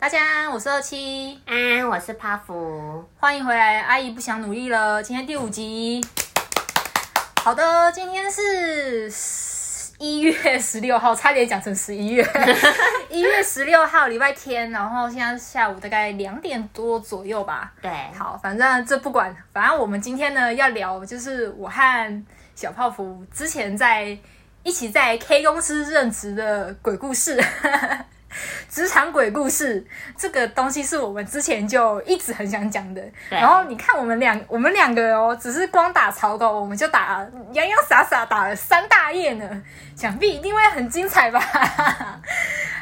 大家，我是二七，嗯，我是泡芙，歡迎回來。阿姨不想努力了，今天第五集。好的，今天是十一月十六號，差點講成十一月。一 月十六號，禮拜天，然後現在下午大概兩點多左右吧。對，好，反正這不管，反正我們今天呢要聊，就是我和小泡芙之前在一起在 K 公司任職的鬼故事。職場鬼故事這個東西是我們之前就一直很想講的，對然後你看我們兩我們兩個哦、喔，只是光打草稿我們就打洋洋灑灑打了三大頁呢，想必一定會很精彩吧？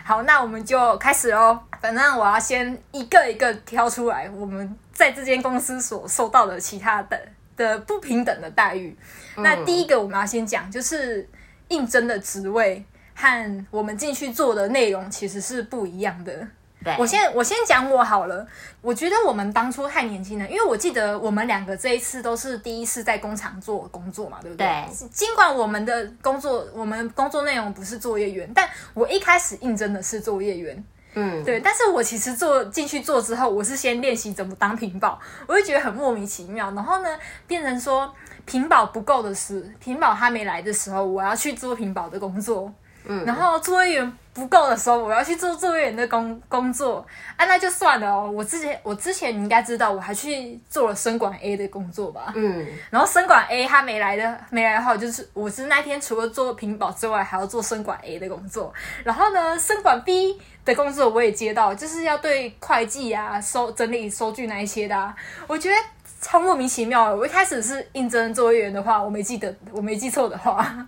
好，那我們就開始嘍。反正我要先一個一個挑出來，我們在這間公司所受到的其他的的不平等的待遇。嗯、那第一個我們要先講，就是應徵的職位。和我們進去做的內容其實是不一樣的。對我先我先講我好了。我覺得我們當初太年輕了，因為我記得我們兩個這一次都是第一次在工廠做工作嘛，對不對？對儘管我們的工作，我們工作內容不是作業員，但我一開始應徵的是作業員。嗯，對。但是我其實做進去做之後，我是先練習怎麼當品保，我就覺得很莫名其妙。然後呢，變成說品保不夠的事，品保還沒來的時候，我要去做品保的工作。嗯、然後作業員不夠的時候，我要去做作業員的工工作。啊，那就算了哦。我之前我之前你應該知道，我還去做了生管 A 的工作吧。嗯。然後生管 A 他沒來的沒來的話，就是我是那天除了做品保之外，還要做生管 A 的工作。然後呢，生管 B 的工作我也接到，就是要對會計啊，收整理收據那一些的、啊。我覺得超莫名其妙。我一開始是應徵作業員的話，我沒記得我沒記錯的話，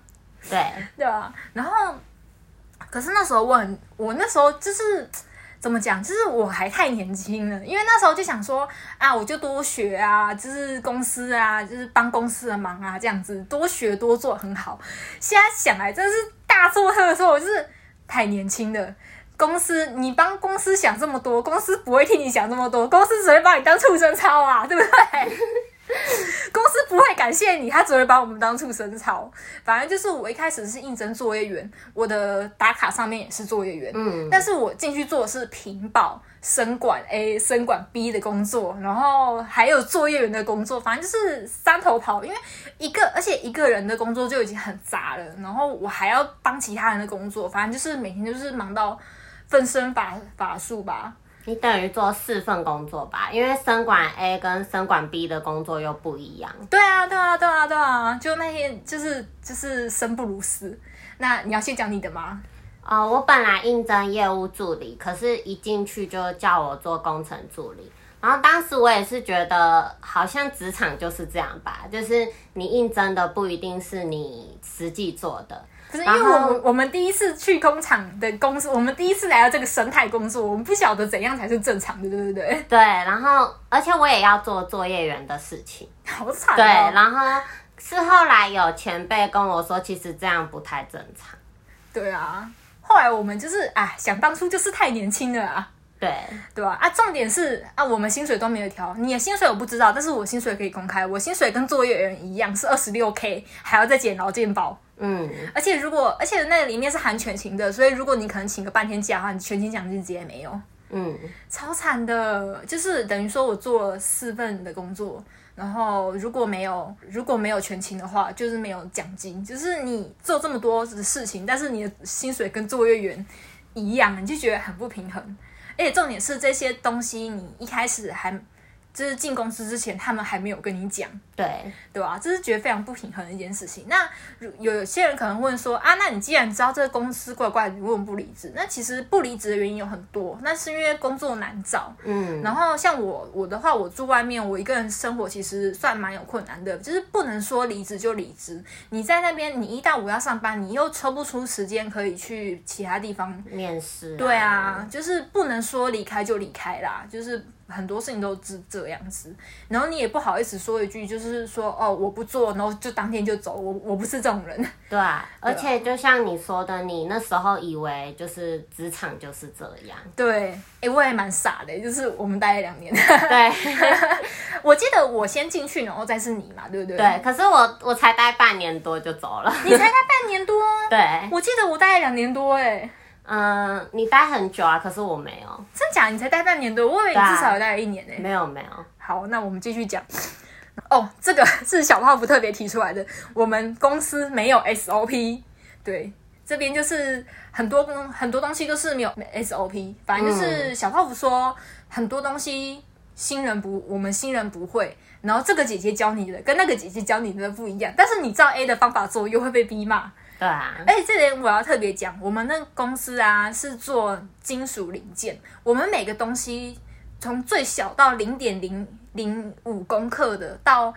對，對吧？然後。可是那時候我很，我那時候就是怎麼講，就是我還太年輕了。因為那時候就想說啊，我就多學啊，就是公司啊，就是幫公司的忙啊，這樣子多學多做很好。現在想來真的是大錯特錯，我就是太年輕了。公司你幫公司想這麼多，公司不會替你想這麼多，公司只會把你當畜生操啊，對不對？ 公司不會感謝你，他只會把我們當畜生操。反正就是我一開始是應徵作業員，我的打卡上面也是作業員，嗯。但是我進去做的是品保、生管 A、生管 B 的工作，然後還有作業員的工作，反正就是三頭跑。因為一個，而且一個人的工作就已經很雜了，然後我還要幫其他人的工作，反正就是每天就是忙到分身法法術吧。你等於做四份工作吧，因為生管 A 跟生管 B 的工作又不一樣。對啊，對啊，對啊，對啊！就那些，就是就是生不如死。那你要先講你的嗎？哦，呃，我本來應徵業務助理，可是一進去就叫我做工程助理。然後當時我也是覺得，好像職場就是這樣吧，就是你應徵的不一定是你實際做的。可是，因為我們後我們第一次去工廠的公司，我們第一次來到這個生態工作，我們不曉得怎樣才是正常的，對不對？對，然後而且我也要做作業員的事情，好慘哦。對，然後是後來有前輩跟我說，其實這樣不太正常。對啊，後來我們就是哎，想當初就是太年輕了啊。對，對啊，啊，重點是啊，我們薪水都沒有調，你的薪水我不知道，但是我薪水可以公開，我薪水跟作業員一樣是 26K，還要再減勞健保。嗯，而且如果而且那裡面是含全勤的，所以如果你可能請個半天假的話，你全勤獎金直接沒有。嗯，超慘的，就是等於說我做了四份的工作，然後如果沒有如果沒有全勤的話，就是沒有獎金，就是你做這麼多的事情，但是你的薪水跟作業員一樣，你就覺得很不平衡。而且重點是這些東西，你一開始還。就是進公司之前，他們還沒有跟你講，對，對啊。這是覺得非常不平衡的一件事情。那有有些人可能問說啊，那你既然知道這個公司怪怪的，如為什麼不離職？那其實不離職的原因有很多，那是因為工作難找，嗯。然後像我我的話，我住外面，我一個人生活其實算蠻有困難的，就是不能說離職就離職。你在那邊，你一到五要上班，你又抽不出時間可以去其他地方面試啊。對啊，就是不能說離開就離開啦，就是。很多事情都是這樣子，然後你也不好意思說一句，就是說哦，我不做，然後就當天就走，我我不是這種人。對啊、對，而且就像你說的，你那時候以為就是職場就是這樣。對，哎，我也蠻傻的，就是我們待了兩年。對， 我記得我先進去，然後再是你嘛，對不對？對。可是我我才待半年多就走了， 你才待半年多。對，我記得我待了兩年多、欸，哎。嗯，你待很久啊，可是我沒有。真假？你才待半年多，我以為你至少待了一年呢、欸。沒有沒有。好，那我們繼續講。哦、oh，這個是小泡芙特別提出來的，我們公司沒有 SOP。對，這邊就是很多很多東西都是沒有 SOP，反正就是小泡芙說、嗯、很多東西新人不，我們新人不會。然後這個姐姐教你的跟那個姐姐教你的不一樣，但是你照 A 的方法做又會被 B 罵。對啊，而且這點我要特別講，我們那公司啊是做金屬零件，我們每個東西從最小到零點零零五公克的到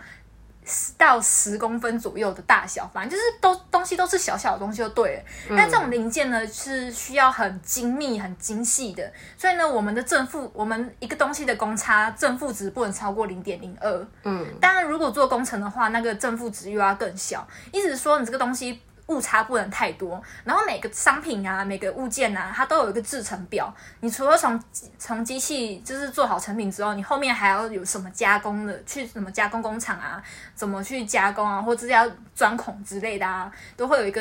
到十公分，左右的大小，反正就是都東西都是小小的東西就對了。嗯、但這種零件呢是需要很精密、很精細的，所以呢，我們的正負我們一個東西的公差正負值不能超過零點零二。嗯，當然如果做工程的話，那個正負值又要更小，意思是說你這個東西。誤差不能太多，然後每個商品啊，每個物件啊，它都有一個製程表。你除了從從機器就是做好成品之後，你後面還要有什麼加工的？去什麼加工工廠啊？怎麼去加工啊？或者要鑽孔之類的啊？都會有一個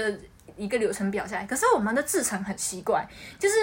一個流程表下來。可是我們的製程很奇怪，就是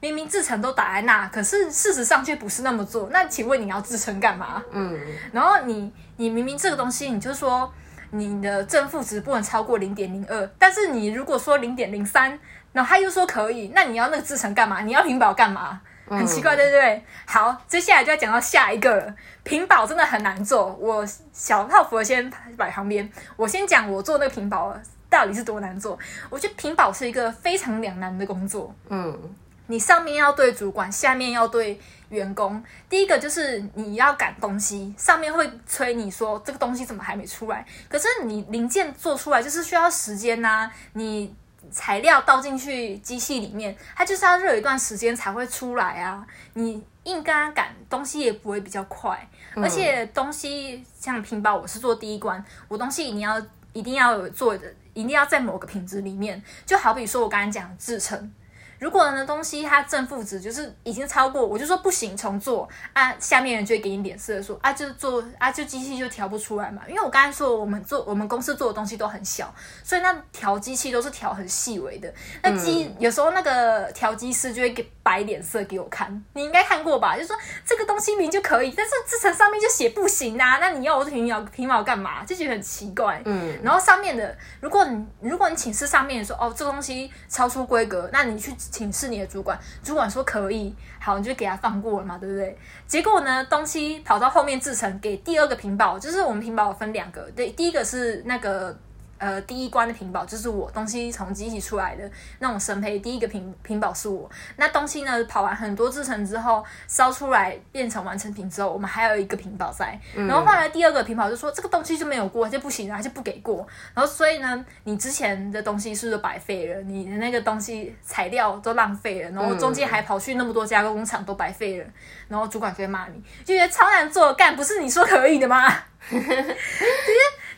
明明製程都打在那，可是事實上卻不是那麼做。那請問你要製程幹嘛？嗯。然後你你明明這個東西，你就說。你的正負值不能超過零點零二，但是你如果說零點零三，然後他又說可以，那你要那個製程幹嘛？你要品保幹嘛？嗯、很奇怪，對不對？好，接下來就要講到下一個了。品保真的很難做。我小泡芙先擺旁邊，我先講我做那個品保到底是多難做。我覺得品保是一個非常兩難的工作。嗯，你上面要對主管，下面要對。員工第一個就是你要趕東西，上面會催你說這個東西怎麼還沒出來？可是你零件做出來就是需要時間吶、啊，你材料倒進去機器裡面，它就是要熱一段時間才會出來啊。你硬跟他趕東西也不會比較快，嗯、而且東西像平包，我是做第一關，我東西一定要一定要有做的，一定要在某個品質裡面，就好比說我剛剛講製程。如果呢東西它正負值就是已經超過，我就說不行，重做啊。下面人就會給你臉色說啊，就做啊，就機器就調不出來嘛。因為我剛才說我們做我們公司做的東西都很小，所以那調機器都是調很細微的。那機、嗯、有時候那個調機師就會給擺臉色給我看，你應該看過吧？就說這個東西明明就可以，但是製程上面就寫不行啊，那你要我平毛平毛幹嘛？就覺得很奇怪。嗯。然後上面的，如果你如果你請示上面說哦，這個、東西超出規格，那你去。請示你的主管，主管說可以，好，你就給他放過了嘛，對不對？結果呢，東西跑到後面製程給第二個品保，就是我們品保分兩個，對，第一個是那個。呃，第一關的品保就是我東西從機器出來的那種生胚，第一個品品保是我。那東西呢，跑完很多製程之後，燒出來變成完成品之後，我們還有一個品保在。然後後來第二個品保就說、嗯、這個東西就沒有過，就不行了，就不給過。然後所以呢，你之前的東西是不是都白費了？你的那個東西材料都浪費了，然後中間還跑去那麼多加工廠都白費了，嗯、然後主管就會罵你，就覺得超難做，幹不是你說可以的嗎？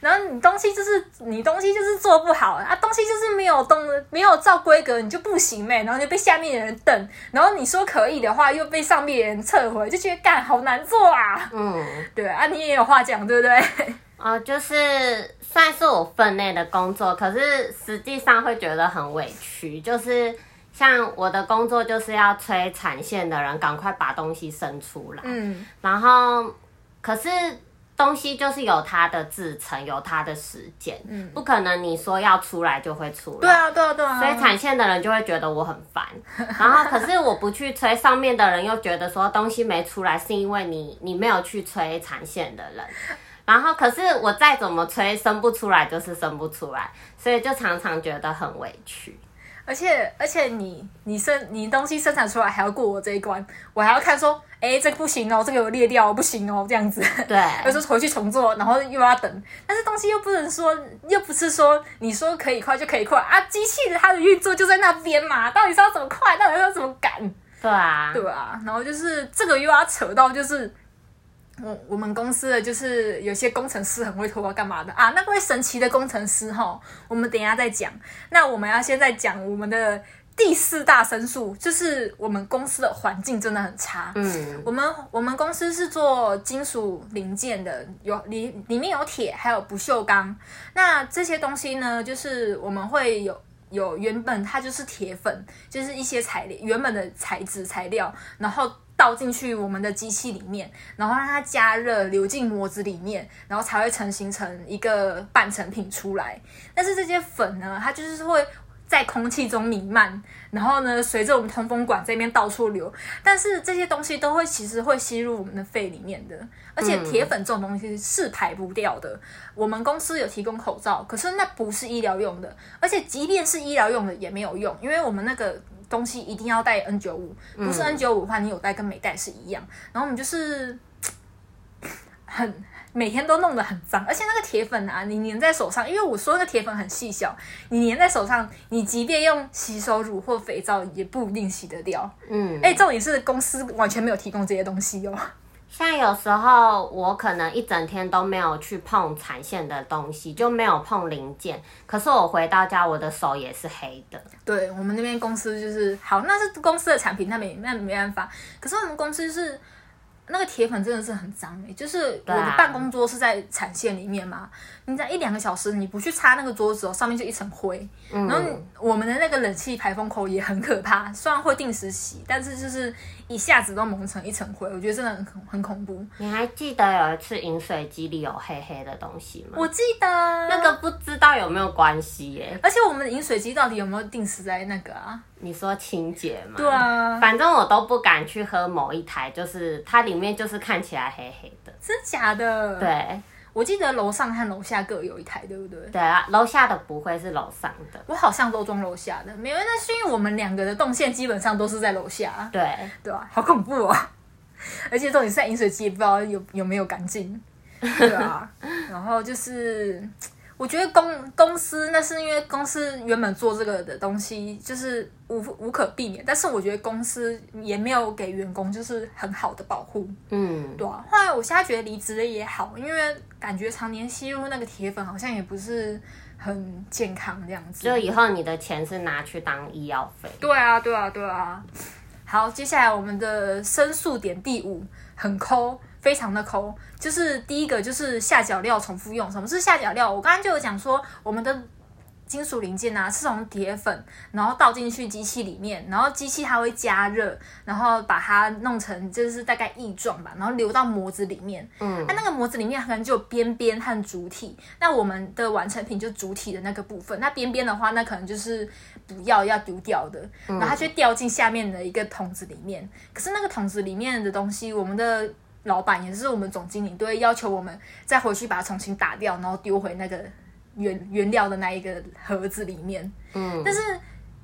然後你東西就是你東西就是做不好啊，東西就是沒有動沒有照規格，你就不行唄、欸。然後就被下面的人等，然後你說可以的話，又被上面的人撤回，就覺得幹好難做啊。嗯，對啊，你也有話講，對不對？哦、呃、就是算是我分內的工作，可是實際上會覺得很委屈。就是像我的工作，就是要催產線的人趕快把東西生出來。嗯，然後可是。東西就是有它的製程，有它的時間，嗯，不可能你說要出來就會出來。對啊、嗯，對啊，對啊。所以產線的人就會覺得我很煩， 然後可是我不去催，上面的人又覺得說東西沒出來是因為你你沒有去催產線的人，然後可是我再怎麼催生不出來就是生不出來，所以就常常覺得很委屈。而且而且，而且你你生你東西生產出來還要過我這一關，我還要看說，哎，這個不行哦，這個有裂掉哦，不行哦，這樣子。對。有時候回去重做，然後又要等，但是東西又不能說，又不是說你說可以快就可以快啊，機器的它的運作就在那邊嘛，到底是要怎麼快，到底是要怎麼趕？對啊。對啊，然後就是這個又要扯到就是。我我們公司的就是有些工程師很會拖啊，幹嘛的啊？那個神奇的工程師哈，我們等一下再講。那我們要現在講我們的第四大申訴，就是我們公司的環境真的很差。嗯，我們我們公司是做金屬零件的，有裡裡面有鐵，還有不鏽鋼。那這些東西呢，就是我們會有有原本它就是鐵粉，就是一些材料，原本的材質材料，然後。倒進去我們的機器裡面，然後讓它加熱，流進模子裡面，然後才會成形成一個半成品出來。但是這些粉呢，它就是會在空氣中彌漫，然後呢，隨着我們通風管這邊到處流。但是這些東西都會其實會吸入我們的肺裡面的，而且鐵粉這種東西是排不掉的。嗯、我們公司有提供口罩，可是那不是醫療用的，而且即便是醫療用的也沒有用，因為我們那個。東西一定要帶 N95，不是 N95 的話，你有帶跟沒帶是一樣。嗯、然後我們就是很每天都弄得很髒，而且那個鐵粉啊，你粘在手上，因為我說那個鐵粉很細小，你粘在手上，你即便用洗手乳或肥皂也不一定洗得掉。嗯，哎，這種也是公司完全沒有提供這些東西哦。像有時候我可能一整天都沒有去碰產線的東西，就沒有碰零件。可是我回到家，我的手也是黑的。對，我們那邊公司就是好，那是公司的產品，那沒那沒辦法。可是我們公司就是。那個鐵粉真的是很髒哎、欸，就是我的辦公桌是在產線裡面嘛，啊、你在一兩個小時，你不去擦那個桌子哦，上面就一層灰。嗯、然後我們的那個冷氣排風口也很可怕，雖然會定時洗，但是就是一下子都蒙成一層灰，我覺得真的很很恐怖。你還記得有一次飲水機裡有黑黑的東西嗎？我記得。那個不知道有沒有關係耶、欸。而且我們的飲水機到底有沒有定時在那個啊？你說清潔嘛？對啊，反正我都不敢去喝某一台，就是它裡面。裡面就是看起來黑黑的，是假的。對，我記得樓上和樓下各有一台，對不對？對啊，樓下的不會是樓上的，我好像都裝樓下的。沒有，那是因為我們兩個的動線基本上都是在樓下。對，對啊，好恐怖啊！ 而且重點是在飲水機，也不知道有有沒有乾淨。對啊， 然後就是。我覺得公公司那是因為公司原本做這個的東西就是無無可避免，但是我覺得公司也沒有給員工就是很好的保護，嗯，對啊。後來我現在覺得離職了也好，因為感覺常年吸入那個鐵粉好像也不是很健康這樣子。就以後你的錢是拿去當醫藥費？對啊，對啊，對啊。好，接下來我們的申訴點第五，很摳。非常的摳，就是第一個就是下腳料重複用。什麼是下腳料？我剛剛就有講說，我們的金屬零件啊是從鐵粉，然後倒進去機器裡面，然後機器它會加熱，然後把它弄成就是大概液狀吧，然後流到模子裡面。嗯，那、啊、那個模子裡面可能就有邊邊和主體，那我們的完成品就主體的那個部分，那邊邊的話，那可能就是不要要丟掉的，然後它就掉進下面的一個桶子裡面。可是那個桶子裡面的東西，我們的。老闆，也是我們總經理，都會要求我們再回去把它重新打掉，然後丟回那個原原料的那一個盒子裡面。嗯，但是。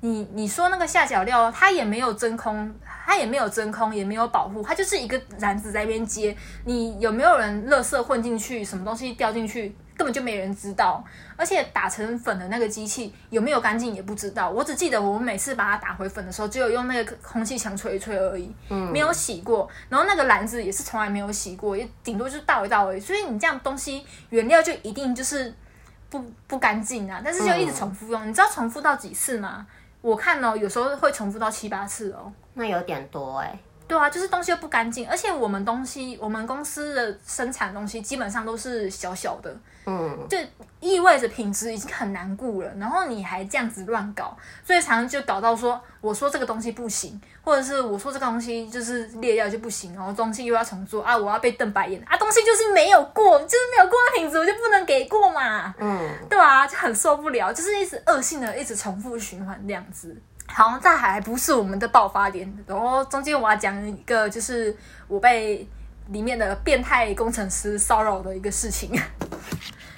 你你說那個下腳料，它也沒有真空，它也沒有真空，也沒有保護，它就是一個籃子在那邊接。你有沒有人垃圾混進去，什麼東西掉進去，根本就沒人知道。而且打成粉的那個機器有沒有乾淨也不知道。我只記得我們每次把它打回粉的時候，只有用那個空氣槍吹一吹而已，嗯、沒有洗過。然後那個籃子也是從來沒有洗過，也頂多就倒一倒而已。所以你這樣東西原料就一定就是不不乾淨啊！但是就一直重複用，嗯、你知道重複到幾次嗎？我看哦，有時候會重複到七八次哦，那有點多哎，欸。對啊，就是東西又不乾淨，而且我們東西，我們公司的生產東西基本上都是小小的。嗯，就意味着品質已經很難顧了，然後你還這樣子亂搞，所以常常就搞到說，我說這個東西不行，或者是我說這個東西就是裂掉就不行，然後東西又要重做啊，我要被瞪白眼啊，東西就是沒有過，就是沒有過的品質，我就不能給過嘛。嗯，對啊，就很受不了，就是一直惡性的，一直重複循環這樣子。好像這還不是我們的爆發點，然後中間我要講一個，就是我被裡面的變態工程師騷擾的一個事情。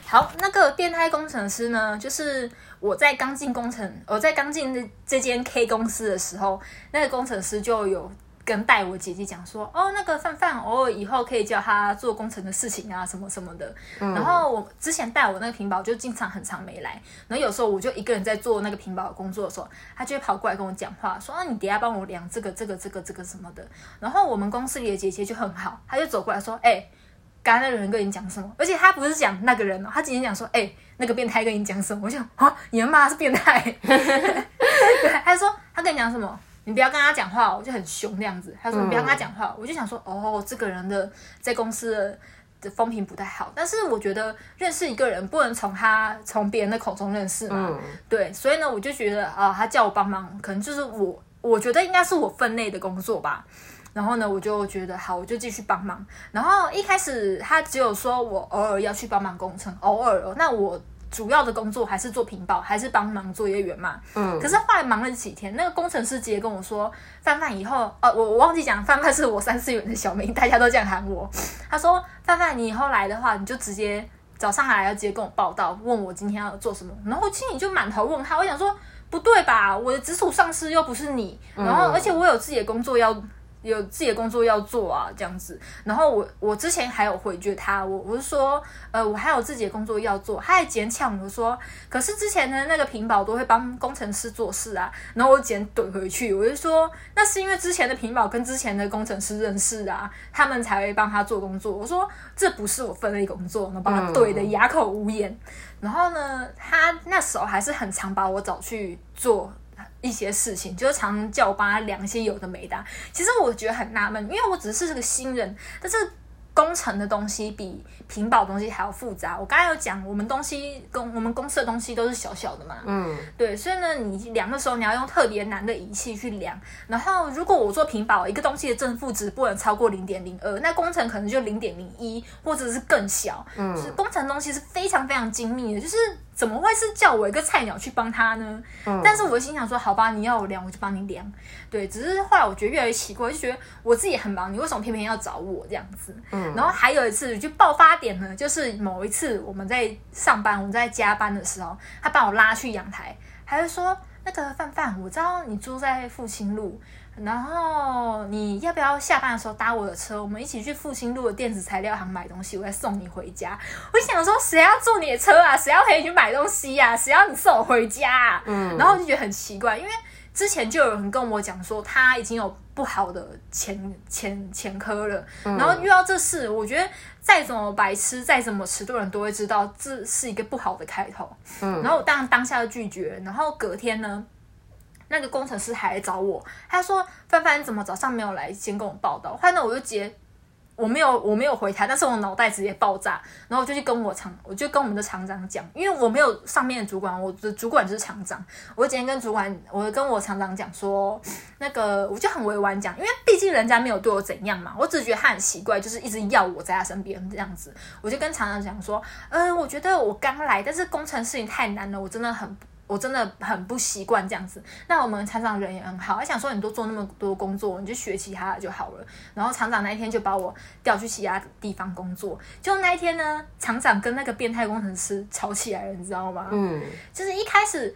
好，那個變態工程師呢？就是我在剛進工程，我在剛進這這間 K 公司的時候，那個工程師就有跟帶我姐姐講說，哦，那個范范，偶爾以後可以叫他做工程的事情啊，什麼什麼的。嗯、然後我之前帶我那個屏保就經常很常沒來，然後有時候我就一個人在做那個屏保工作的時候，他就會跑過來跟我講話說，啊，你等下幫我量這個這個這個這個什麼的。然後我們公司裡的姐姐就很好，她就走過來說，哎、欸。剛才那個人跟你講什麼？而且他不是講那個人哦、喔，他直接講說，哎、欸，那個變態跟你講什麼？我就想，哦，你們罵他是變態。 他就說，他跟你講什麼？你不要跟他講話，我就很兇那樣子。他說，你不要跟他講話，我就想說，嗯、哦，這個人的在公司的、的風評不太好。但是我覺得認識一個人不能從他從別人的口中認識嘛，嗯、對。所以呢，我就覺得啊、呃，他叫我幫忙，可能就是我，我覺得應該是我分內的工作吧。然後呢，我就覺得好，我就繼續幫忙。然後一開始他只有說我偶爾要去幫忙工程，偶爾哦。那我主要的工作還是做屏保，還是幫忙作業員嘛。嗯。可是後來忙了幾天，那個工程師直接跟我說：“范范，以後……哦，我我忘記講，范范是我三次元的小名，大家都這樣喊我。”他說：“范范，你以後來的話，你就直接早上來，要直接跟我報到，問我今天要做什麼。”然後我心裡就滿頭問號，我想說：“不對吧？我的直屬上司又不是你。”然後而且我有自己的工作要。有自己的工作要做啊，這樣子。然後我我之前還有回絕他，我我就說，呃，我還有自己的工作要做。他還勉強我說，可是之前的那個品保都會幫工程師做事啊。然後我簡懟回去，我就說，那是因為之前的品保跟之前的工程師認識啊，他們才會幫他做工作。我說這不是我分類工作，然後把他懟得啞口無言。然後呢，他那時候還是很常把我找去做一些事情就是常叫我幫他量一些有的沒的、啊，其實我覺得很納悶，因為我只是是個新人，但是工程的東西比品保東西還要複雜。我剛才有講，我們東西公我們公司的東西都是小小的嘛，嗯，對，所以呢，你量的時候你要用特別難的儀器去量。然後如果我做品保，一個東西的正負值不能超過零點零二，那工程可能就零點零一或者是更小，嗯，就是工程東西是非常非常精密的，就是。怎麼會是叫我一個菜鳥去幫他呢？嗯，但是我心想說，好吧，你要我量，我就幫你量。對，只是後來我覺得越來越奇怪，就覺得我自己很忙，你為什麼偏偏要找我這樣子？嗯，然後還有一次就爆發點呢，就是某一次我們在上班，我們在加班的時候，他把我拉去陽台，他就說那個范范，我知道你住在復興路。然後你要不要下班的時候搭我的車？我們一起去復興路的電子材料行買東西，我再送你回家。我想說，誰要坐你的車啊？誰要陪你去買東西呀、啊？誰要你送我回家、啊？嗯，然後我就覺得很奇怪，因為之前就有人跟我講說，他已經有不好的前前前科了。嗯、然後遇到這事，我覺得再怎麼白痴，再怎麼遲鈍，人都會知道這是一個不好的開頭。嗯，然後我當然當下就拒絕。然後隔天呢？那個工程師還來找我，他說：“范范，你怎麼早上沒有來先跟我報到？”後來我就直接，我沒有，我沒有回他，但是我腦袋直接爆炸，然後我就去跟我廠，我就跟我們的廠長講，因為我沒有上面的主管，我的主管就是廠長。我今天跟主管，我跟我廠長講說，那個我就很委婉講，因為畢竟人家沒有對我怎樣嘛，我只覺得他很奇怪，就是一直要我在他身邊這樣子。我就跟廠長講說：“嗯、呃，我覺得我剛來，但是工程事情太難了，我真的很……”我真的很不習慣這樣子。那我們廠長人也很好，他想說，你都做那麼多工作，你就學其他的就好了。然後廠長那一天就把我調去其他地方工作。就那一天呢，廠長跟那個變態工程師吵起來了，你知道嗎？嗯，就是一開始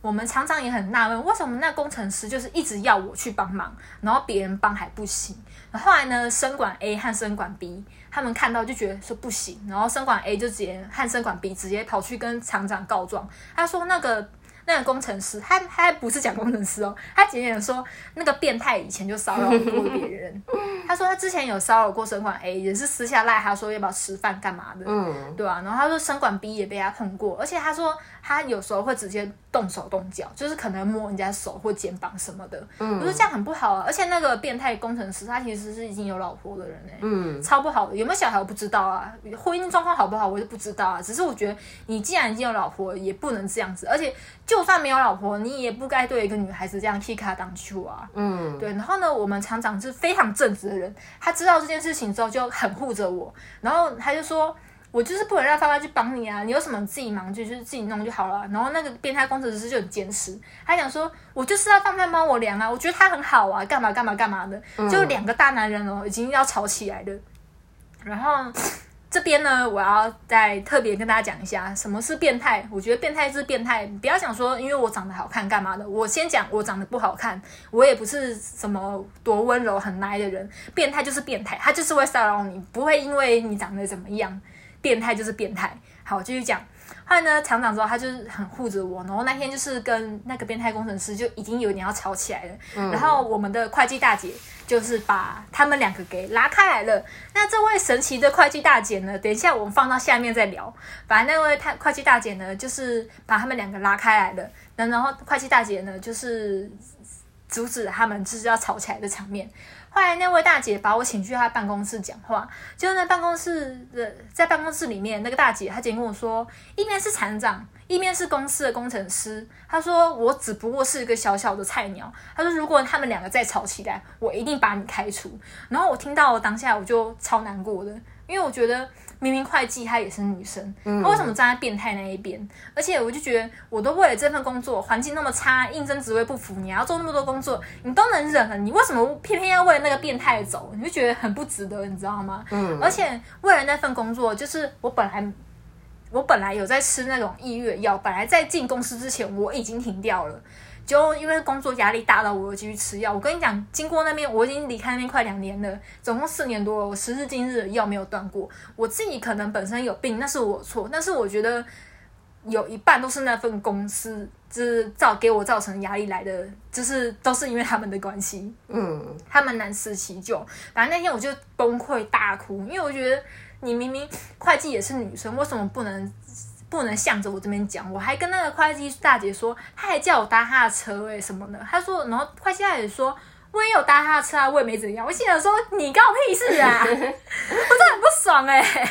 我們廠長也很納悶，為什麼那工程師就是一直要我去幫忙，然後別人幫還不行。然後後來呢，生管 A 和生管 B。他們看到就覺得說不行，然後生管 A 就直接和生管 B 直接跑去跟廠長告狀，他說那個。那個工程師，他他還不是講工程師哦，他僅僅說那個變態以前就騷擾過別人。 他說他之前有騷擾過生管 A，欸，也是私下賴他說要不要吃飯幹嘛的，嗯，對啊。然後他說生管 B 也被他碰過，而且他說他有時候會直接動手動腳，就是可能摸人家手或肩膀什麼的。我說這樣很不好啊。而且那個變態工程師他其實是已經有老婆的人呢、欸，嗯，超不好的。有沒有小孩我不知道啊，婚姻狀況好不好我就不知道啊。只是我覺得你既然已經有老婆，也不能這樣子，而且。就算沒有老婆，你也不該對一個女孩子這樣 k i 踢卡擋球啊！嗯，對。然後呢，我們廠長是非常正直的人，他知道這件事情之後就很護着我。然後他就說我就是不能讓他媽去幫你啊，你有什麼自己忙去，就是自己弄就好了。然後那個變態工程師就很堅持，他想說我就是要放爸幫我量啊，我覺得他很好啊，幹嘛幹嘛幹嘛的。就兩個大男人哦，已經要吵起來了。然後。嗯這邊呢，我要再特別跟大家講一下什麼是變態。我覺得變態是變態，不要想說因為我長得好看幹嘛的。我先講我長得不好看，我也不是什麼多溫柔很 nice 的人。變態就是變態，他就是會騷擾你，不會因為你長得怎麼樣。變態就是變態。好，繼續講。另外呢，廠長之後他就是很護着我，然後那天就是跟那個變態工程師就已經有點要吵起來了，然後我們的會計大姐就是把他們兩個給拉開來了。那這位神奇的會計大姐呢，等一下我們放到下面再聊。把那位他會計大姐呢，就是把他們兩個拉開來了，那然後會計大姐呢，就是阻止他們就是要吵起來的場面。後來那位大姐把我請去她辦公室講話，就是那辦公室的，在辦公室裡面，那個大姐她竟然跟我說，一邊是廠長，一邊是公司的工程師，她說我只不過是一個小小的菜鳥，她說如果他們兩個再吵起來，我一定把你開除。然後我聽到當下我就超難過的，因為我覺得。明明會計她也是女生，她為什麼站在變態那一邊？嗯，而且我就覺得，我都為了這份工作，環境那麼差，應徵職位不符，你還要做那麼多工作，你都能忍了，你為什麼偏偏要為了那個變態走？你就覺得很不值得，你知道嗎？嗯，而且為了那份工作，就是我本來我本來有在吃那種抑鬱藥，本來在進公司之前我已經停掉了。就因為工作壓力大了，我又繼續吃藥。我跟你講，經過那邊，我已經離開那邊快兩年了，總共四年多了。我時至今日，藥沒有斷過。我自己可能本身有病，那是我錯。但是我覺得有一半都是那份公司，就是造給我造成壓力來的，就是都是因為他們的關係。嗯，他們難辭其咎。反正那天我就崩潰大哭，因為我覺得你明明會計也是女生，為什麼不能？不能向着我這邊講，我還跟那個會計大姐說，她還叫我搭她的車哎、欸，什麼的。她說，然後會計大姐說，我也有搭她的車啊，我也沒怎樣。我心想說，你告屁事啊！ 我真的很不爽哎、欸。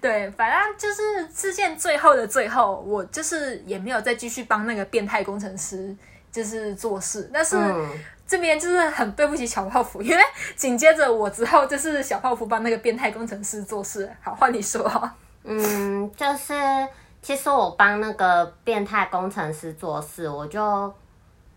對，反正就是事件最後的最後，我就是也沒有再繼續幫那個變態工程師就是做事。但是這邊就是很對不起小泡芙，因為緊接着我之後就是小泡芙幫那個變態工程師做事。好，換你說，哦。嗯，就是其實我幫那個變態工程師做事，我就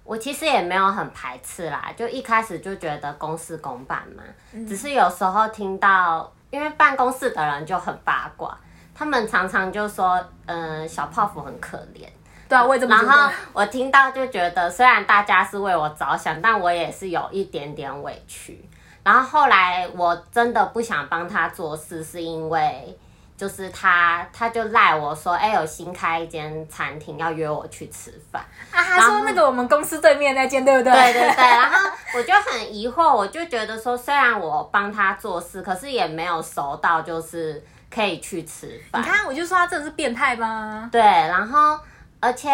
我其實也沒有很排斥啦，就一開始就覺得公事公辦嘛。嗯、只是有時候聽到，因為辦公室的人就很八卦，他們常常就說：“嗯、呃，小泡芙很可憐。嗯”對啊，我也這麼覺得。然後我聽到就覺得，雖然大家是為我着想，但我也是有一點點委屈。然後後來我真的不想幫他做事，是因為。就是他，他就賴、like、我說，哎、欸，有新開一間餐廳，要約我去吃飯。啊，他後說那個我們公司對面那間，對不對？對對對。 然後我就很疑惑，我就覺得說，雖然我幫他做事，可是也沒有熟到，就是可以去吃飯。你看，我就說他真的是變態嗎？對，然後而且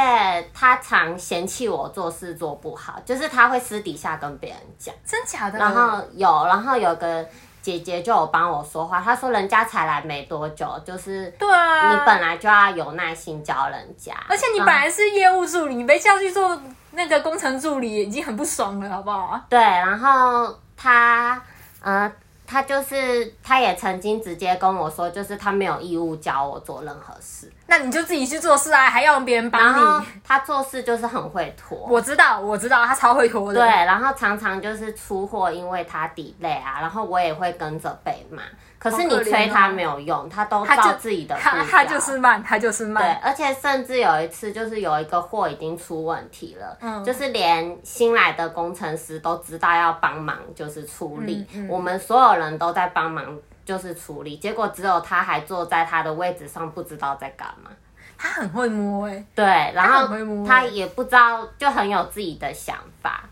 他常嫌棄我做事做不好，就是他會私底下跟別人講。真假的？然後有，然後有個。姐姐就有幫我說話，她說人家才來沒多久，就是對啊，你本來就要有耐心教人家，啊、而且你本來是業務助理，嗯、你被叫去做那個工程助理，已經很不爽了，好不好、啊？對，然後她。嗯他就是，他也曾經直接跟我說，就是他沒有義務教我做任何事。那你就自己去做事啊，還要別人幫你？他做事就是很會拖。我知道，我知道，他超會拖的。對，然後常常就是出貨，因為他 delay 啊，然後我也會跟着被罵。可是你催他沒有用，他都照自己的他。他他就是慢，他就是慢。對，而且甚至有一次，就是有一個貨已經出問題了，嗯、就是連新來的工程師都知道要幫忙，就是處理。嗯嗯、我們所有人都在幫忙，就是處理，結果只有他還坐在他的位置上，不知道在幹嘛。他很會摸哎、欸。對，然後他也不知道，就很有自己的想法。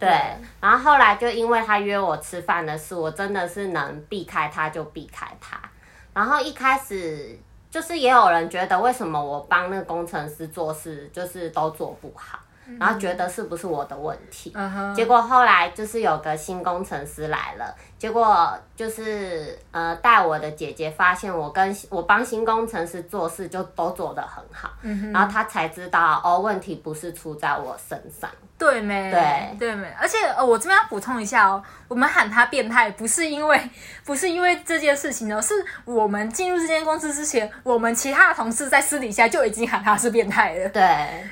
對，然後後來就因為他約我吃飯的事，我真的是能避開他就避開他。然後一開始就是也有人覺得為什麼我幫那個工程師做事就是都做不好，然後覺得是不是我的問題。Uh huh. 結果後來就是有個新工程師來了。結果就是，呃，帶我的姐姐發現我跟我幫新工程師做事就都做得很好，嗯、哼然後她才知道哦，問題不是出在我身上。對沒？對對沒？而且呃，我這邊要補充一下哦，我們喊她變態不是因為不是因為這件事情哦，是我們進入這間公司之前，我們其他的同事在私底下就已經喊她是變態了。對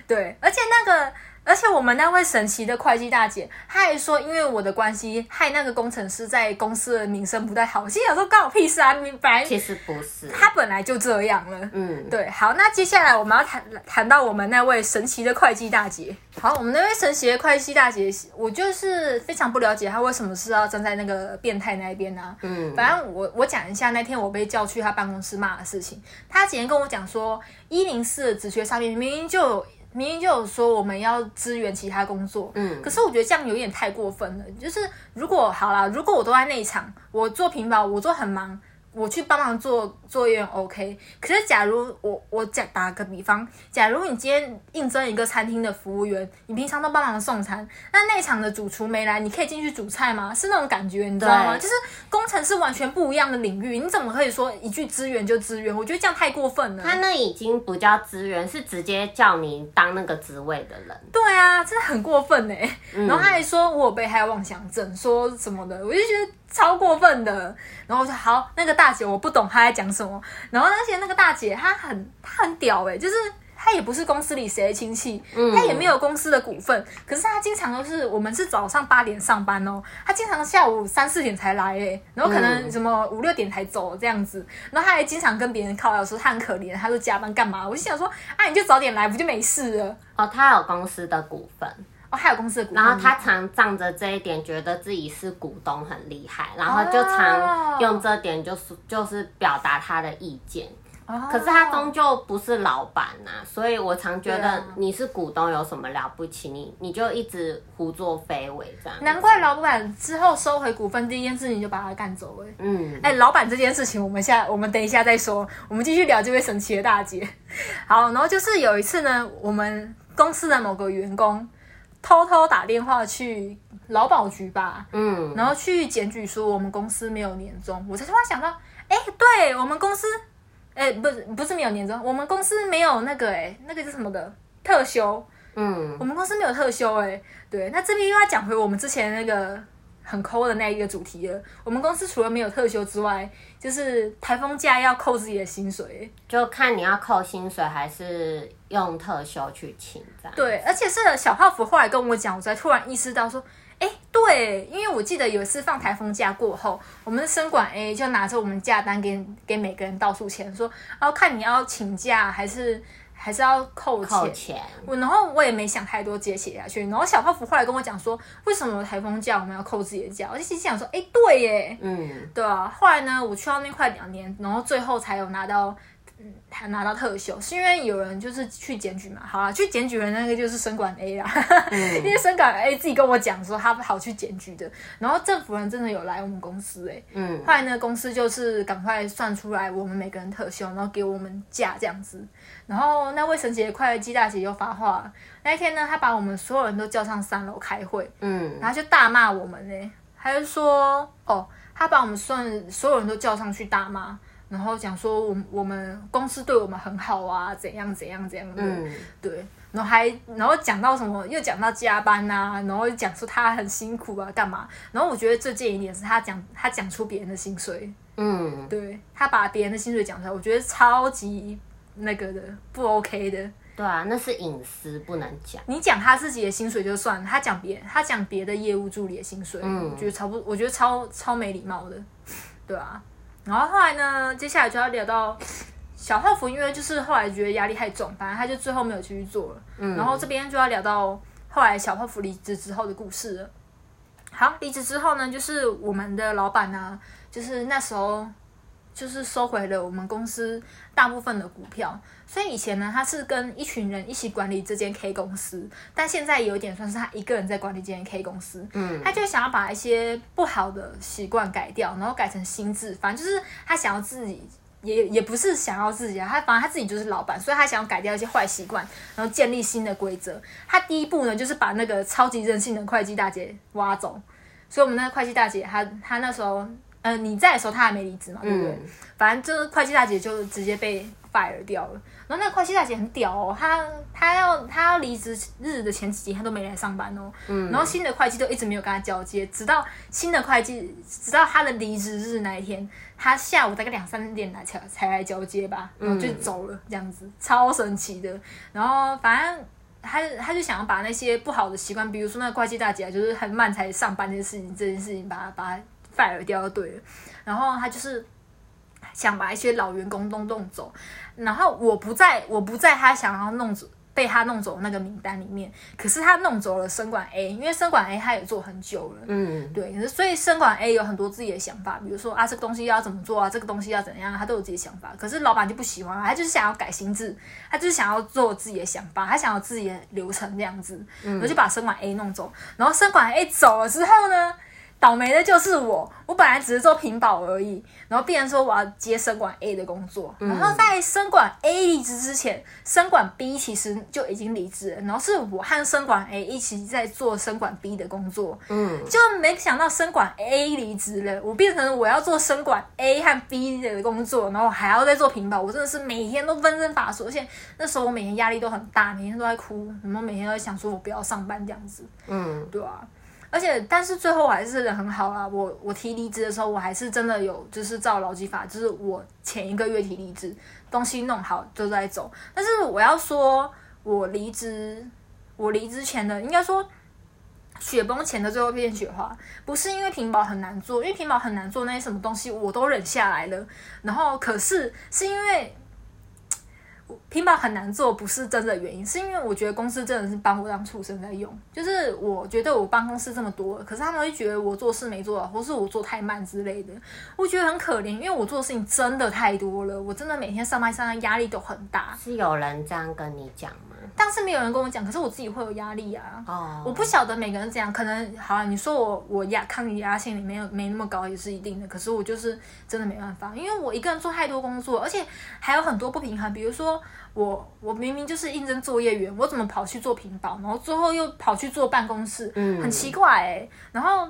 對，而且那個。而且我們那位神奇的會計大姐，她還說因為我的關係，害那個工程師在公司的名聲不太好。心想說關我屁事啊！你明白其實不是，她本來就這樣了。嗯，對，好，那接下來我們要談談到我們那位神奇的會計大姐。好，我們那位神奇的會計大姐，我就是非常不了解她為什麼是要站在那個變態那邊呢、啊？嗯，反正我我講一下那天我被叫去她辦公室罵的事情。她之前跟我講說，一零四職缺上面明明就明明就有說我們要支援其他工作，嗯，可是我覺得這樣有點太過分了。就是如果好啦，如果我都在內場，我做屏保，我做很忙。我去幫忙做作業，OK。可是，假如我我假打個比方，假如你今天應徵一個餐廳的服務員，你平常都幫忙送餐，那那場的主廚沒來，你可以進去煮菜嗎？是那種感覺，你知道嗎？對就是工程是完全不一樣的領域，你怎麼可以說一句資源就資源？我覺得這樣太過分了。他那已經不叫資源，是直接叫你當那個職位的人。對啊，真的很過分哎、欸。嗯、然後他還說我有被害妄想症，說什麼的，我就覺得。超過分的，然後我說好，那個大姐我不懂她在講什麼，然後那些那個大姐她很她很屌哎、欸，就是她也不是公司裡誰的親戚，嗯、她也沒有公司的股份，可是她經常都是我們是早上八點上班哦，她經常下午三四點才來哎、欸，然後可能什麼五六點才走這樣子，然後她還經常跟別人靠腰說她很可憐，她說加班幹嘛？我就想說啊，你就早點來不就沒事了？哦，她有公司的股份。哦，還有公司的股東，然後他常仗着這一點，覺得自己是股東很厲害，嗯、然後就常用這點，就是、哦、就是表達他的意見。哦、可是他終究不是老板吶、啊，所以我常覺得你是股東有什麼了不起？啊、你你就一直胡作非為這樣。難怪老板之後收回股份第一件事情，你就把他幹走了、欸。嗯、哎、欸，老板這件事情，我們下我們等一下再說，我們繼續聊這位神奇的大姐。好，然後就是有一次呢，我們公司的某個員工偷偷打電話去勞保局吧，嗯，然後去檢舉說我們公司沒有年終，我才突然想到，哎、欸，對，我們公司，哎、欸，不，不是沒有年終，我們公司沒有那個、欸，哎，那個是什麼的特休，嗯，我們公司沒有特休、欸，哎，對，那這邊又要講回我們之前那個。很摳的那一個主題了。我們公司除了沒有特休之外，就是台風假要扣自己的薪水，欸。就看你要扣薪水還是用特休去請假。對，而且是小泡芙後來跟我講，我才突然意識到說，哎，欸，對，因為我記得有一次放台風假過後，我們的生管 A 就拿着我們假單給給每個人倒數錢，說然後，啊，看你要請假還是。還是要扣錢，我錢然後我也沒想太多，接寫下去。然後小泡芙後來跟我講說，為什麼有台風假我們要扣自己的假？我就心，心想說，哎，對耶，嗯，對啊。後來呢，我去到那快兩年，然後最後才有拿到。還拿到特休，是因為有人就是去檢舉嘛。好啊，去檢舉的人那個就是生管 A 啦，嗯、因為生管 A 自己跟我講說他不好去檢舉的。然後政府人真的有來我們公司哎、欸，嗯，後來呢，公司就是趕快算出來我們每個人特休，然後給我們假這樣子。然後那衛生節快樂雞大姐又發話，那一天呢，她把我們所有人都叫上三樓開會，嗯，然後就大罵我們呢、欸，還是說哦，她把我們算所有人都叫上去大罵。然後講說我們，我我們公司對我們很好啊，怎樣怎樣怎樣的，嗯、對。然後還然後講到什麼，又講到加班吶、啊，然後講說他很辛苦啊，幹嘛？然後我覺得最賤一點是他講他講出別人的薪水，嗯，對，他把別人的薪水講出來，我覺得超級那個的，不 OK 的。對啊，那是隱私，不能講。你講他自己的薪水就算，他講別他講別的業務助理的薪水，我覺得超不我覺得超覺得超，超沒禮貌的，對啊。然後後來呢，接下來就要聊到小泡芙，因為就是後來覺得壓力太重，反正他就最後沒有繼續做了。嗯、然後這邊就要聊到後來小泡芙離職之後的故事了。好，離職之後呢，就是我們的老闆啊，就是那時候。就是收回了我們公司大部分的股票，所以以前呢，他是跟一群人一起管理這間 K 公司，但現在有點算是他一個人在管理這間 K 公司。嗯，他就想要把一些不好的習慣改掉，然後改成新制，反正就是他想要自己，也也不是想要自己，啊，他反正他自己就是老闆，所以他想要改掉一些壞習慣，然後建立新的規則。他第一步呢，就是把那個超級任性的會計大姐挖走，所以我們那個會計大姐，她她那時候。嗯、呃，你在的時候他還沒離職嘛，對不對？嗯、反正就是會計大姐就直接被 fire 掉了。然後那個會計大姐很屌哦，她她要她要離職日的前幾天她都沒來上班哦。嗯。然後新的會計都一直沒有跟她交接，直到新的會計直到她的離職日那一天，她下午大概兩三點來才才來交接吧，然後就走了，這樣子、嗯、超神奇的。然後反正她她就想要把那些不好的習慣，比如說那個會計大姐就是很慢才上班這件事情，這件事情把把。第二隊，然後他就是想把一些老員工都弄、弄走，然後我不在，我不在，他想要弄走，被他弄走那個名單裡面。可是他弄走了生管 A，因為生管 A 他也做很久了，嗯，對，所以生管 A 有很多自己的想法，比如說啊，這個東西要怎麼做啊，這個東西要怎樣、啊，他都有自己的想法。可是老板就不喜歡，他就是想要改新制，他就是想要做自己的想法，他想要自己的流程這樣子，我、嗯、就把生管 A 弄走。然後生管 A 走了之後呢？倒霉的就是我，我本來只是做屏保而已，然後變成說我要接生管 A 的工作，然後在生管 A 離職之前，生管 B 其實就已經離職了，然後是我和生管 A 一起在做生管 B 的工作，嗯，就沒想到生管 A 離職了，我變成我要做生管 A 和 B 的工作，然後還要再做屏保，我真的是每天都分身乏術，而且那時候我每天壓力都很大，每天都在哭，然後每天都在想說我不要上班這樣子，嗯，對啊。而且，但是最後我還是人很好啊。我我提離職的時候，我還是真的有就是照勞基法，就是我前一個月提離職，東西弄好就再走。但是我要說我，我離職，我離職前的應該說雪崩前的最後一片雪花，不是因為屏保很難做，因為屏保很難做那些什麼東西我都忍下來了。然後可是是因為。平板很難做，不是真的原因，是因為我覺得公司真的是把我當畜生在用。就是我覺得我幫公司這麼多了，可是他們會覺得我做事沒做到，或是我做太慢之類的。我覺得很可憐，因為我做的事情真的太多了，我真的每天上班上班壓力都很大。是有人這樣跟你講嗎？當時沒有人跟我講，可是我自己會有壓力啊。Oh. 我不曉得每個人怎樣，可能好啊。你說我，我壓抗壓性沒有沒那麼高也是一定的，可是我就是真的沒辦法，因為我一個人做太多工作，而且還有很多不平衡。比如說我，我明明就是應徵作業員，我怎麼跑去做品保，然後最後又跑去坐辦公室，嗯、很奇怪哎、欸。然後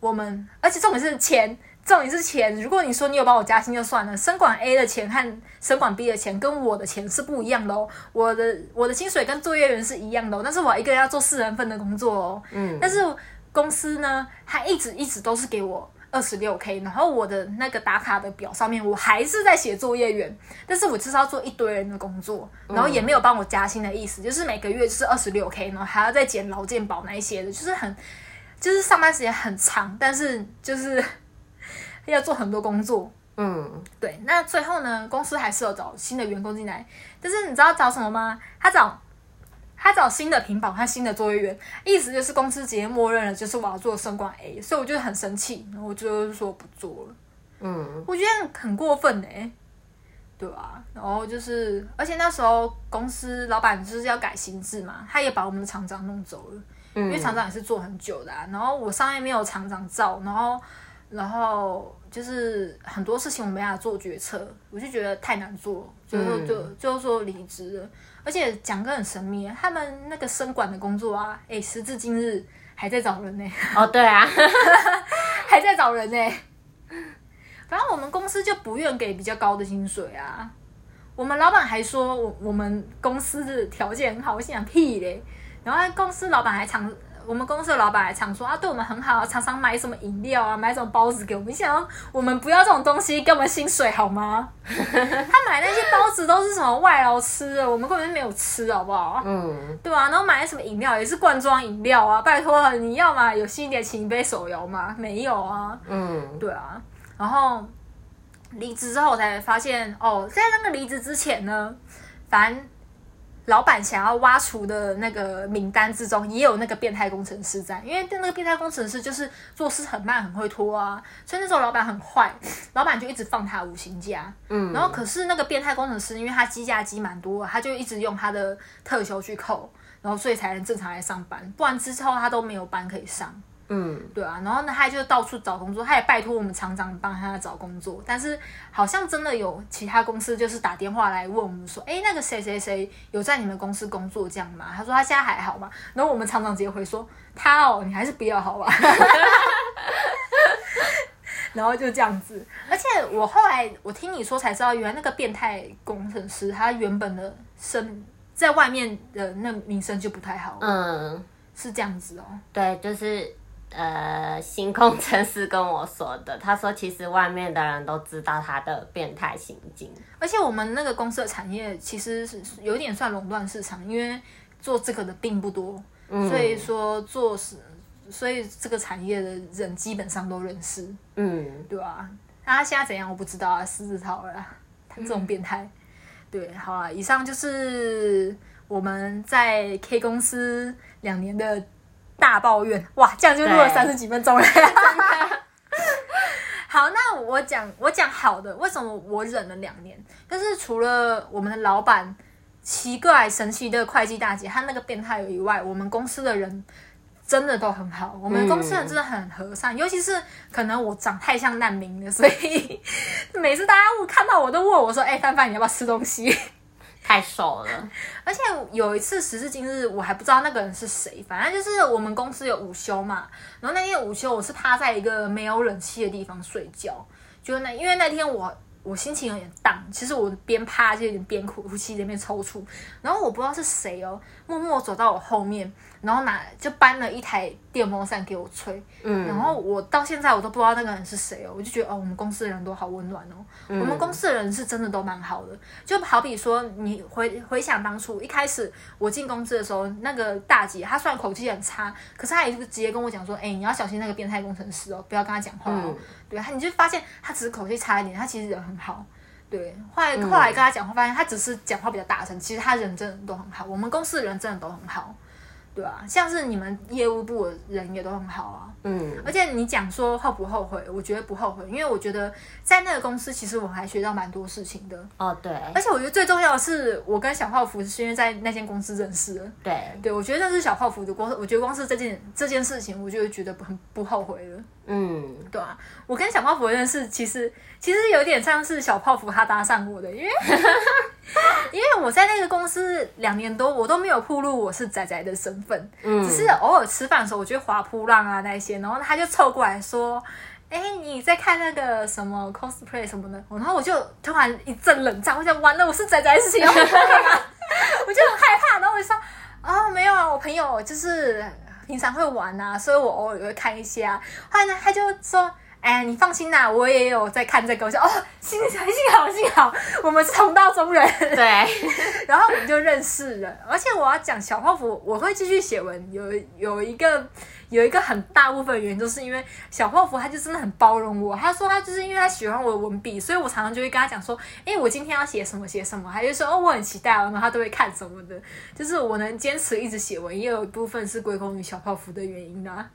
我們而且重點是錢。這種也是錢，如果你說你有幫我加薪就算了。生管 A 的錢和生管 B 的錢跟我的錢是不一樣的哦。我的我的薪水跟作業員是一樣的哦，但是我一個人要做四人份的工作哦。嗯。但是公司呢，他一直一直都是給我二十六 K，然後我的那個打卡的表上面，我還是在寫作業員，但是我就是要做一堆人的工作，然後也沒有幫我加薪的意思，嗯、就是每個月是二十六 K，然後還要再減勞健保那一些的，就是很就是上班時間很長，但是就是。要做很多工作，嗯，對。那最後呢，公司還是有找新的員工進來，但是你知道找什麼嗎？他找他找新的品保，和新的作業員，意思就是公司直接默認了，就是我要做生管 A，所以我就很生氣，然後我就說不做了，嗯，我覺得很過分嘞、欸，對吧、啊？然後就是，而且那時候公司老板就是要改新制嘛，他也把我們的廠長弄走了，嗯、因為廠長也是做很久的、啊，然後我上面沒有廠長罩，然後。然後就是很多事情我們倆做決策，我就覺得太難做，最後就最後說離職了。而且講個很神秘，他們那個生管的工作啊，哎，時至今日還在找人呢、欸。哦，對啊，還在找人呢、欸。反正我們公司就不願給比較高的薪水啊。我們老闆還說，我我們公司的條件很好，我心想屁嘞。然後公司老闆還常。我們公司的老闆常說他、啊、對我們很好，常常買什麼飲料啊，買什麼包子給我們。你想，我們不要這種東西，給我們薪水好嗎？ 他買那些包子都是什麼外勞吃的，我們根本就沒有吃，好不好？嗯，對啊，然後買什麼飲料也是罐裝飲料啊，拜托，你要嘛有心一點請一杯手搖嘛？沒有啊。嗯，對啊。然後離職之後我才發現哦，在那個離職之前呢，反正。老闆想要挖除的那個名單之中，也有那個變態工程師在，因為那個變態工程師就是做事很慢，很會拖啊，所以那時候老闆很壞，老闆就一直放他無薪假。嗯，然後可是那個變態工程師，因為他積假積蠻多，他就一直用他的特休去扣，然後所以才能正常來上班，不然之後他都沒有班可以上。嗯，對啊，然後呢，他就到處找工作，他也拜托我們廠長幫他找工作，但是好像真的有其他公司就是打電話來問我們說，哎，那個誰誰誰有在你們公司工作這樣嗎？他說他現在還好嘛，然後我們廠長直接回說，他哦，你還是不要好吧。 然後就這樣子，而且我後來我聽你說才知道，原來那個變態工程師他原本的生在外面的那名聲就不太好，嗯，是這樣子哦，對，就是。呃，新工程師跟我說的。他說，其實外面的人都知道他的變態行徑。而且我們那個公司的產業其實是有點算壟斷市場，因為做這個的並不多。嗯、所以說做是，所以這個產業的人基本上都認識。嗯，對吧？那他現在怎樣我不知道啊，私自跑啊，他這種變態，嗯、對，好啊。以上就是我們在 K 公司兩年的。大抱怨。哇，這樣就錄了三十幾分鐘了。對 好，那我講我講好的，為什麼我忍了兩年？但、就是除了我們的老闆奇怪、神奇的會計大姐和那個變態以外，我們公司的人真的都很好，我們公司的人真的很和善，嗯、尤其是可能我長太像難民了，所以每次大家看到我都問我，我說：“哎、欸，范范，你要不要吃東西？”太熟了，而且有一次，時至今日我還不知道那個人是誰。反正就是我們公司有午休嘛，然後那天午休我是趴在一個沒有冷氣的地方睡覺，就那因為那天我我心情有點盪，其實我邊趴就邊哭泣，在那邊抽搐，然後我不知道是誰哦。默默走到我後面，然後拿就搬了一台電風扇給我吹，嗯、然後我到現在我都不知道那個人是誰哦，我就覺得哦，我們公司的人都好溫暖哦，嗯、我們公司的人是真的都蠻好的，就好比說你回回想當初一開始我進公司的時候，那個大姐她雖然口氣很差，可是她也是直接跟我講說，哎，你要小心那個變態工程師哦，不要跟她講話哦，嗯、對，你就發現她只是口氣差一點，她其實人很好。對，後來後來跟他講話，發現他只是講話比較大聲，嗯、其實他人真的都很好。我們公司的人真的都很好，對吧？啊？像是你們業務部的人也都很好啊。嗯，而且你講說後不後悔，我覺得不後悔，因為我覺得在那個公司，其實我還學到蠻多事情的。哦，對。而且我覺得最重要的是，我跟小泡芙是因為在那間公司認識的。對對，我覺得那是小泡芙的公司。我覺得光是這件這件事情，我就覺得很不，不後悔了。嗯，對啊，我跟小泡芙認識，其實其實有點像是小泡芙他搭訕我的，因為 因為我在那個公司兩年多，我都沒有透露我是宅宅的身份，嗯，只是偶爾吃飯的時候，我覺得滑噗浪啊那些，然後他就湊過來說，哎，你在看那個什麼 cosplay 什麼的，然後我就突然一陣冷戰，我想完了，我是宅宅的事情， 我就很害怕，然後我就說哦，沒有啊，我朋友就是。平常會玩啊，所以我偶爾會，會看一些啊。後來呢，他就說：“哎呀，你放心啦，啊，我也有在看這個。”我說：“哦，幸幸好幸好，我們是同道中人。”對，然後我們就認識了。 而且我要講，小泡芙，我會繼續寫文，有有一個。有一個很大部分的原因，就是因為小泡芙，他就真的很包容我。他說他就是因為他喜歡我文筆，所以我常常就會跟他講說，哎，我今天要寫什麼寫什麼，他就說哦，我很期待哦，然後他都會看什麼的。就是我能堅持一直寫文，也有一部分是歸功於小泡芙的原因啦、啊。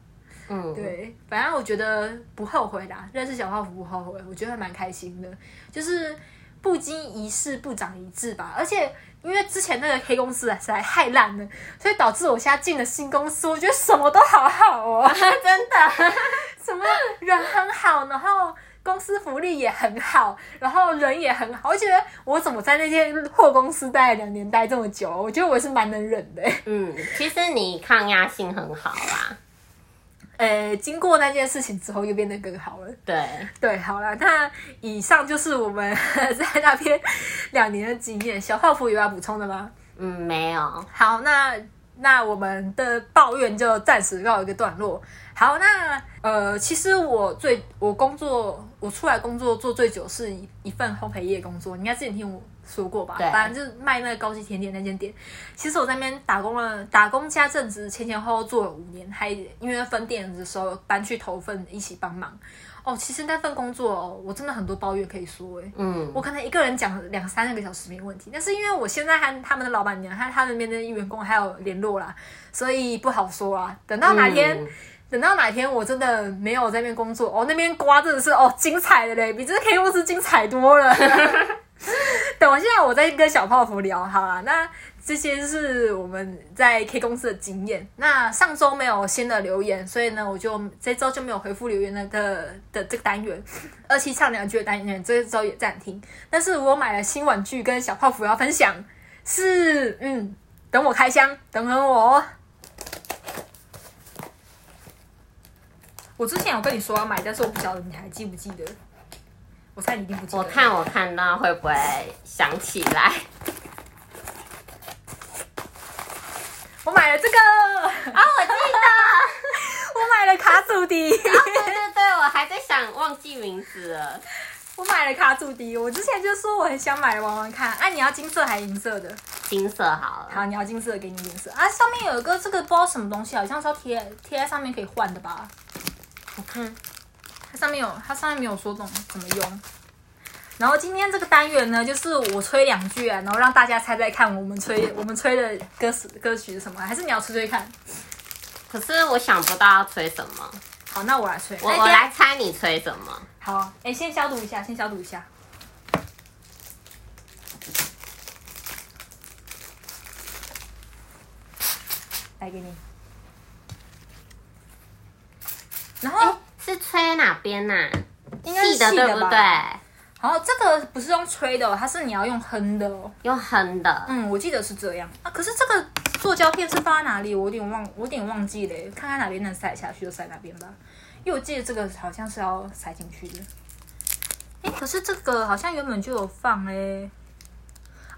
嗯，對，反正我覺得不後悔啦，認識小泡芙不後悔，我覺得還蠻開心的，就是不經一事不長一智吧，而且。因為之前那個 K 公司實在太爛了，所以導致我現在進了新公司，我覺得什麼都好好哦、喔， 真的，什麼人很好，然後公司福利也很好，然後人也很好，我覺得我怎麼在那些破公司待兩年，待這麼久，我覺得我是蠻能忍的。嗯，其實你抗壓性很好啊。呃，經過那件事情之後，又變得更好了。對對，好啦，那以上就是我們在那邊兩年的經驗。小泡芙有要補充的嗎？嗯，沒有。好，那那我們的抱怨就暫時告一個段落。好，那呃，其實我最我工作我出來工作做最久是一份烘焙業工作，你應該之前聽我。說過吧，反正對就是賣那個高級甜點那間店。其實我在那邊打工了，打工加正職前前後後做了五年，還因為分店的時候搬去頭份一起幫忙。哦，其實那份工作哦，我真的很多抱怨可以說哎、欸，嗯，我可能一個人講兩三個小時沒問題。但是因為我現在和他們的老板娘還他們那邊的員工還有聯絡啦，所以不好說啊。等到哪天，嗯、等到哪天我真的沒有在那邊工作哦，那邊瓜真的是哦精彩的嘞，比這 K 公司精彩多了。嗯 等下我現在我再跟小泡芙聊，好了，那這些是我們在 K 公司的經驗。那上周沒有新的留言，所以呢，我就這周就沒有回復留言那個的，的，的這個單元，二七唱兩句的單元，這周也暫停。但是我買了新玩具，跟小泡芙要分享。是，嗯，等我開箱，等等我、哦。我之前有跟你說要買，但是我不曉得你還記不記得。我看我看那會不會想起來？ 我買了這個啊，我記得， 我買了卡祖笛、 啊。對對對，我還在想忘記名字了。 我買了卡祖笛。我之前就說我很想買來玩玩看。啊，你要金色還是銀色的？金色好了，好，你要金色，給你銀色啊。上面有一個這個包，什麼東西？好像說貼貼在上面可以換的吧？好看。它上面有，它上面沒有說怎麼怎麼用。然後今天這個單元呢，就是我吹兩句啊，然後讓大家猜猜看，我們吹我們吹的歌詞歌曲是什麼，啊？還是你要吹吹看？可是我想不到要吹什麼。好，那我來吹。我我來猜你吹什麼？欸、好，哎、欸，先消毒一下，先消毒一下。來給你。欸、然後。欸是吹哪邊吶、啊？細的，的對不對？然後這個不是用吹的，它是你要用哼的哦，用哼的。的嗯，我記得是這樣啊。可是這個做膠片是放在哪裡？我有點忘，我有點忘記嘞，欸。看看哪邊能塞下去就塞哪邊吧，因為我記得這個好像是要塞進去的。哎、欸，可是這個好像原本就有放哎，欸，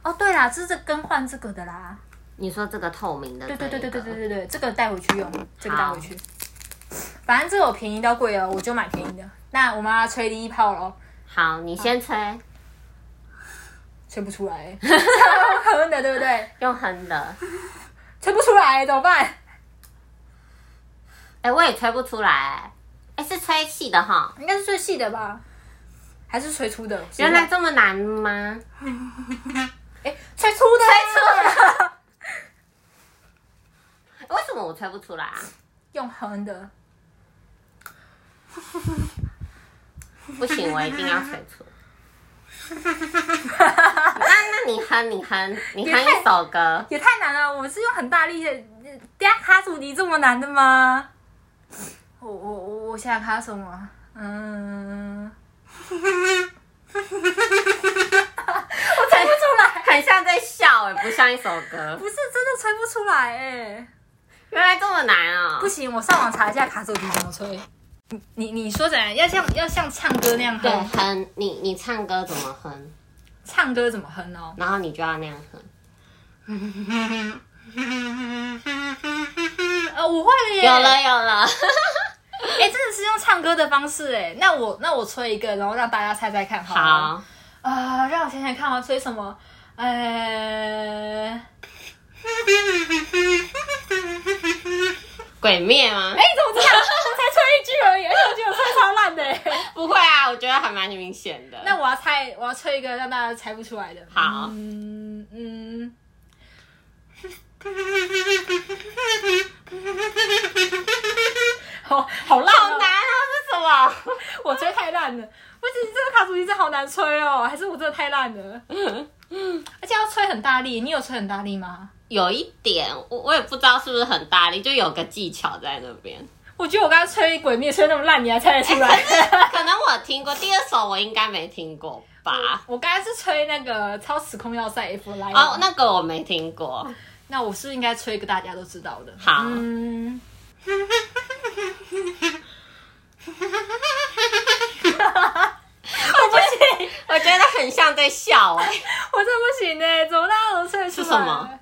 哦，對啦，是這是更換這個的啦。你說這個透明的，對，對對對對對對對對，這個帶回去用，好這個帶回去。反正這個我便宜到貴了，我就買便宜的。那我媽媽吹第一泡了，好，你先吹，啊、吹不出來、欸，橫 的，對不對？用橫的，吹不出來、欸、怎麼辦？哎、欸，我也吹不出來、欸，哎、欸，是吹細的哈，應該是吹細的吧？還是吹粗的？是是原來這麼難嗎？哎、 欸，吹粗的、啊，吹粗的、 欸，為什麼我吹不出來、啊？用橫的。 不行，我一定要吹出。 那那你哼，你哼，你哼一首歌也太，也太難了。我們是用很大力氣，等下卡祖笛這麼難的嗎？我我 我，我，我現在卡什麼？嗯， 我吹不出來， 很像在笑、欸、不像一首歌。不是，真的吹不出來哎、欸，原來這麼難啊、喔！不行，我上網查一下卡祖笛怎麼吹。你你說怎樣？要像要像唱歌那樣哼。對哼，你你唱歌怎麼哼？唱歌怎麼哼哦？然後你就要那樣哼。哼哼哼哼哼哼哼哼哼哼哼。呃，我會了，了，有了有了。哎、！ 欸，真的是用唱歌的方式哎。那我那我吹一個，然後讓大家猜猜看好，好。好啊，呃，讓我想想看啊，我吹什麼？呃。 鬼滅嗎、啊？哎、欸，怎麼這樣？我才吹一句而已，而且我覺得我吹超爛的哎、欸！ 不會啊，我覺得還蠻明顯的。那我要猜，我要吹一個讓大家猜不出來的。好。嗯嗯。好好爛啊！好難啊！這什麼？ 我吹太爛了。不是，這個卡祖笛其實好難吹哦，還是我真的太爛了？嗯嗯。嗯，而且要吹很大力，你有吹很大力嗎？有一點，我我也不知道是不是很大力，就有個技巧在那邊。我覺得我剛才吹《鬼滅》吹那麼爛，你還猜得出來？欸、可，可能我聽過 第二首，我應該沒聽過吧。我剛才是吹那個《超時空要塞 F》來哦，那個我沒聽過。 那我是，不是應該吹一個大家都知道的。好。嗯、 我不行，我覺得，我覺得他很像在笑。 我真不行哎、欸，怎麼大家都猜是什麼？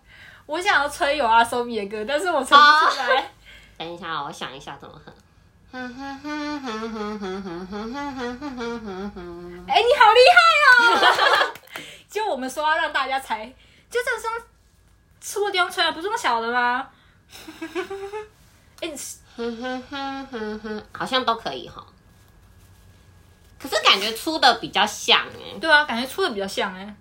我想要吹有阿蘇米的歌，但是我吹不出來、哦。等一下，我想一下怎麼哼。哎、欸，你好厲害哦！ 就我們說要讓大家猜，就這聲粗的地方吹啊，不是那麼小的嗎？哎、 欸，你好像都可以哈。可是感覺粗的比較像哎、欸。對啊，感覺粗的比較像哎、欸。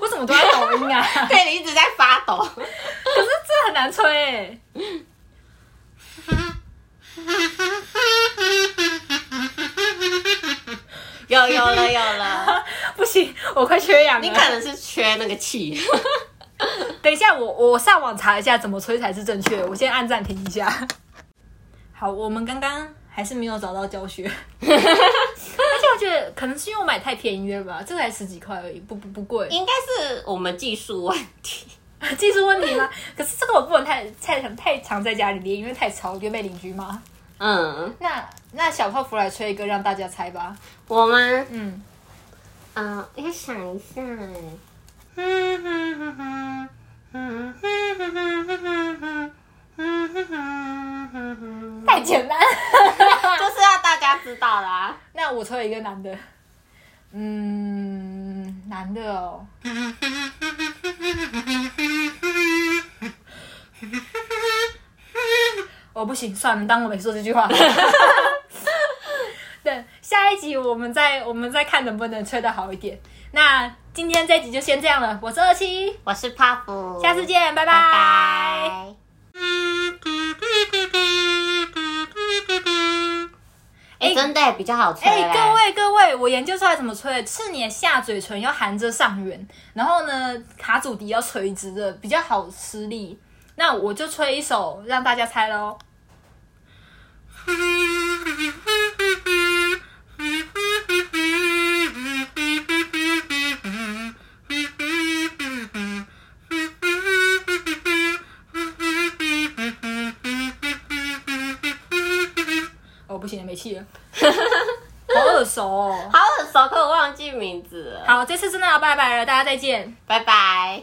我怎麼都在抖音啊？ 對，你一直在發抖。可是這很難吹耶。 有有了有了！有了 不行，我快缺氧了。你可能是缺那個氣。 等一下我，我我上網查一下怎麼吹才是正確。我先按暫停一下。好，我們剛剛。還是沒有找到教學， 而且我覺得可能是因為我買太便宜了吧，這才十幾塊而已，不不不貴。應該該是我們技術問題 技術問題嗎？ 可是這個我不能太太常太，太常在家裡面練，因為太吵，會被鄰居罵。嗯，那，那那小泡芙來吹一個，讓大家猜吧。我們嗎，嗯，嗯、哦，我想一下，嗯。哈哈哈哈，哈哈哈哈。嗯嗯嗯嗯太簡單， 就是要大家知道啦。那我吹一個男的，嗯，男的哦，哦。我不行，算了，當我沒說這句話。 等下一集我們再我們再看能不能吹得好一點。那今天這一集就先這樣了。我是二七，我是泡芙，下次見，拜拜。拜拜真的比較好吹。哎、欸欸，各位各位，我研究出來怎麼吹，是你的下嘴唇要含着上緣，然後呢，卡祖笛要垂直的，比較好吃力。那我就吹一首讓大家猜咯。 熟，好，很熟，可我忘記名字了。好，這次真的要拜拜了，大家再見，拜拜。